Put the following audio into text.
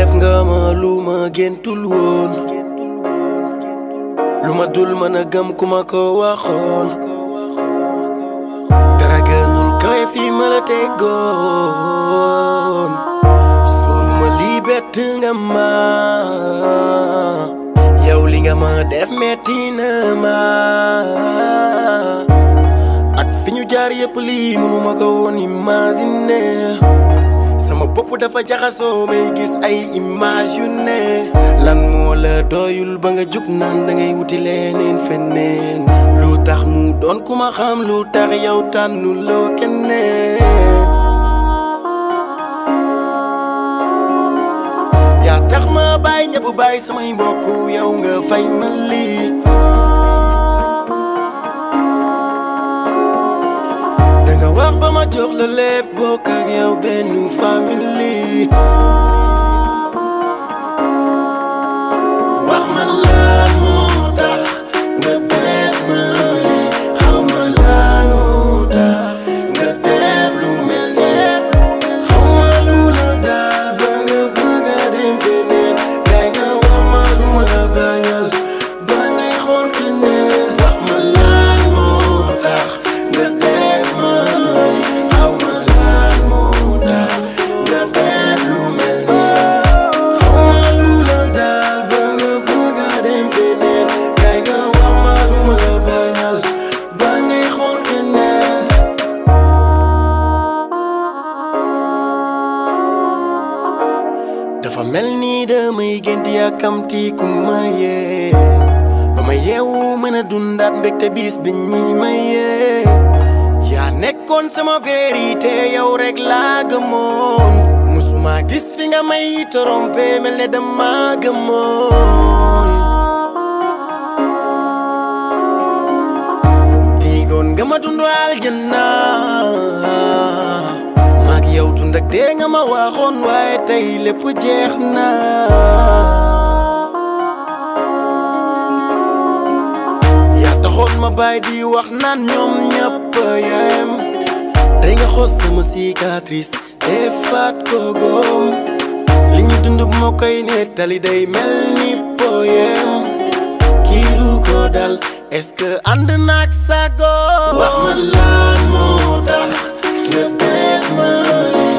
def nga ma luma géntul won luma dul man gam kuma ko waxon dara gënul kay fi ma la tegoon ma lii nga ma yow li nga ma def metti na ma ak fiñu jaar yëpp li mënuma ko won imaginer sama bopp dafa jaxasoo may gis ay image yu lan moo la ba nga jug naan da ngay wuti leneen feneen lu tax mu doon ku xam lu tax yow tànnu loo keneen yaa tax ma bàyyi ñëpp bàyyi samay mbokk yow nga fay ma lii wax ma jox la lépp bokk ak benn famille wax ma lan nga def ma li xaw ma lan moo nga def lu mel ne xaw ma lu la daal ba nga bëgg a dem feneen kay nga ma lu ma la bañal ba ngay xool keneen nii damay gént yàkkamti ku ma yee ba ma yeewu mën a dundaat mbégte bis bi ñi ma yee yaa nekkoon sama vérité yow rek laa gëmoon gis fi nga may trompé mel ne dama gëmoon diigoon nga ma dundu aljanna yow du dat dee nga ma waxoon waaye tey lépp jeex na Ja, toch ma bàyyi di wax naan ñoom ñëpp yem tey nga xoos sama cicatrice te faat ko góom li ñu dund bu ma koy nettali day mel ni poème oh kii du ko dal est-ce que sa go. wax ma lan moo my money.